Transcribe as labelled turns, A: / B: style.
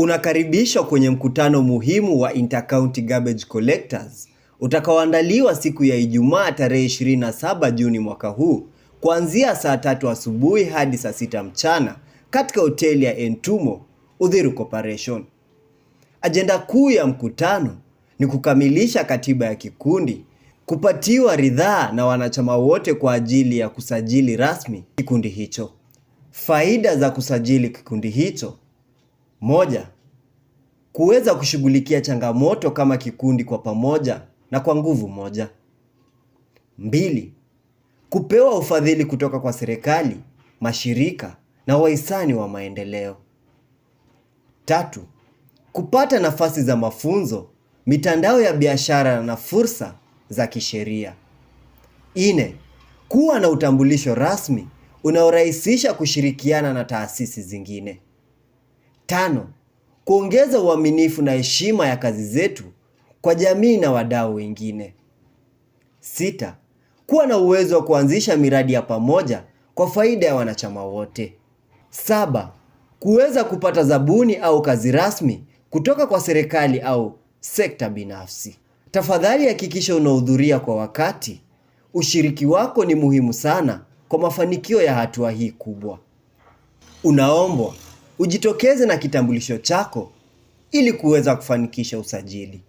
A: Unakaribishwa kwenye mkutano muhimu wa Intercounty Garbage Collectors utakaoandaliwa siku ya Ijumaa tarehe 27 Juni mwaka huu kuanzia saa tatu asubuhi hadi saa sita mchana katika hoteli ya Entumo, Uthiru Corporation. Ajenda kuu ya mkutano ni kukamilisha katiba ya kikundi, kupatiwa ridhaa na wanachama wote kwa ajili ya kusajili rasmi kikundi hicho. Faida za kusajili kikundi hicho moja, kuweza kushughulikia changamoto kama kikundi kwa pamoja na kwa nguvu moja. Mbili, kupewa ufadhili kutoka kwa serikali, mashirika na wahisani wa maendeleo. Tatu, kupata nafasi za mafunzo, mitandao ya biashara na fursa za kisheria. Ine, kuwa na utambulisho rasmi unaorahisisha kushirikiana na taasisi zingine. Tano, kuongeza uaminifu na heshima ya kazi zetu kwa jamii na wadau wengine. Sita, kuwa na uwezo wa kuanzisha miradi ya pamoja kwa faida ya wanachama wote. Saba, kuweza kupata zabuni au kazi rasmi kutoka kwa serikali au sekta binafsi. Tafadhali hakikisha unahudhuria kwa wakati. Ushiriki wako ni muhimu sana kwa mafanikio ya hatua hii kubwa. Unaombwa ujitokeze na kitambulisho chako ili kuweza kufanikisha usajili.